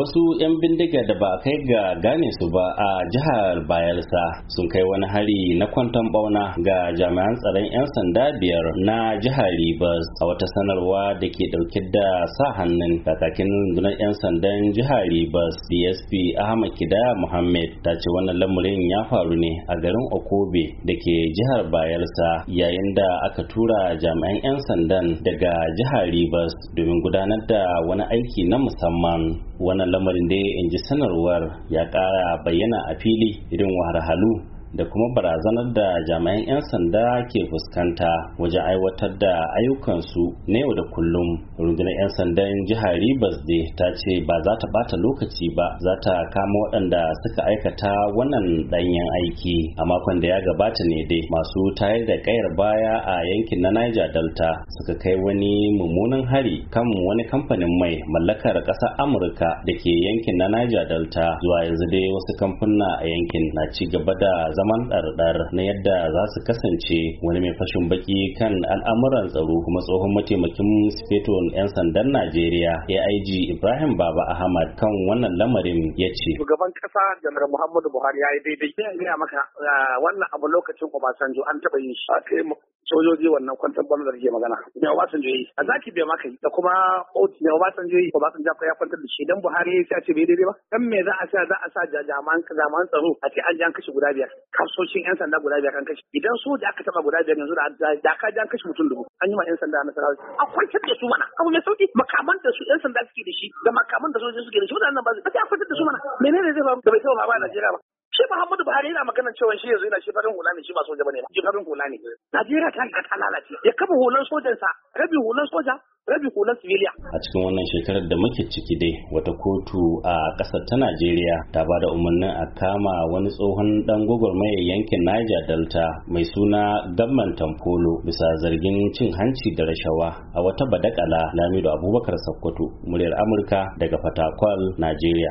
wasu 'yan bindiga da ba a kai ga gane su ba a jihar bayelsa sun kai wani hari na kwanton bauna ga jami'an tsaron 'yan sanda biyar na jihar rivers a wata sanarwa da ke dauke da sa hannun kakakin rundunar 'yan sandan jihar rivers dsp ahmad kidaya muhammad ta ce wannan lamurin ya faru ne a garin okobe da ke jihar bayelsa yayin da aka tura jami'an 'yan sandan daga jihar rivers domin gudanar da wani aiki na musamman wannan lamarin da in ji sanarwar ya ƙara bayyana a fili irin wahalhalu da kuma barazanar da jami'an 'yan sanda ke fuskanta wajen aiwatar da ayyukansu na yau da kullum rundunar 'yan sandan jihar ribas dai ta ce ba za ta bata lokaci ba za ta kama waɗanda suka aikata wannan ɗanyen aiki a makon da ya gabata ne dai masu tayar da kayar baya a yankin na niger delta suka kai wani mummunan hari kan wani kamfanin mai mallakar ƙasar amurka da ke yankin na niger delta zuwa yanzu dai wasu kamfuna a yankin na ci gaba da zaman ɗarɗar na yadda za su kasance wani mai fashin baki kan al'amuran tsaro kuma tsohon mataimakin sifeton 'yan sandan najeriya aig ibrahim baba ahmad kan wannan lamarin ya ce shugaban ƙasa janar muhammadu buhari ya yi daidai ya maka ah, wannan abu lokacin obasanjo an taɓa yin shi sojoji wannan kwantar bom da ke magana ne Obasanjo yi a zaki bai maka yi da kuma Oti ne Obasanjo yi Obasanjo ya kwantar da shi dan Buhari ya ce bai daidai ba dan me za a sa za a sa jaman zaman tsaro a ce an jan kashe guda biyar kasoshin yan sanda guda biyar an kashe idan soja aka taba guda biyar yanzu da da ka jan kashe mutum dubu an yi ma yan sanda na sarari a kwantar da su mana abu mai sauki makaman da su yan sanda suke da shi da makaman da sojoji suke da shi wannan ba zai a kwantar da su mana menene zai faru da bai taba ba a Najeriya ba shi Muhammadu Buhari yana magana cewa shi yanzu yana shi farin da shi ba soja bane ba hula ne Najeriya ta yi ta lalace ya kafa hulan sojansa rabi hulan soja rabi hulan civilian a cikin wannan shekarar da muke ciki dai wata kotu a ƙasar ta Najeriya ta ba da umarnin a kama wani tsohon dan gwagwarmaya yankin Niger Delta mai suna Gamman Tamfolo bisa zargin cin hanci da rashawa a wata badakala Lamido Abubakar Sokoto muryar Amurka daga Fatakwal Najeriya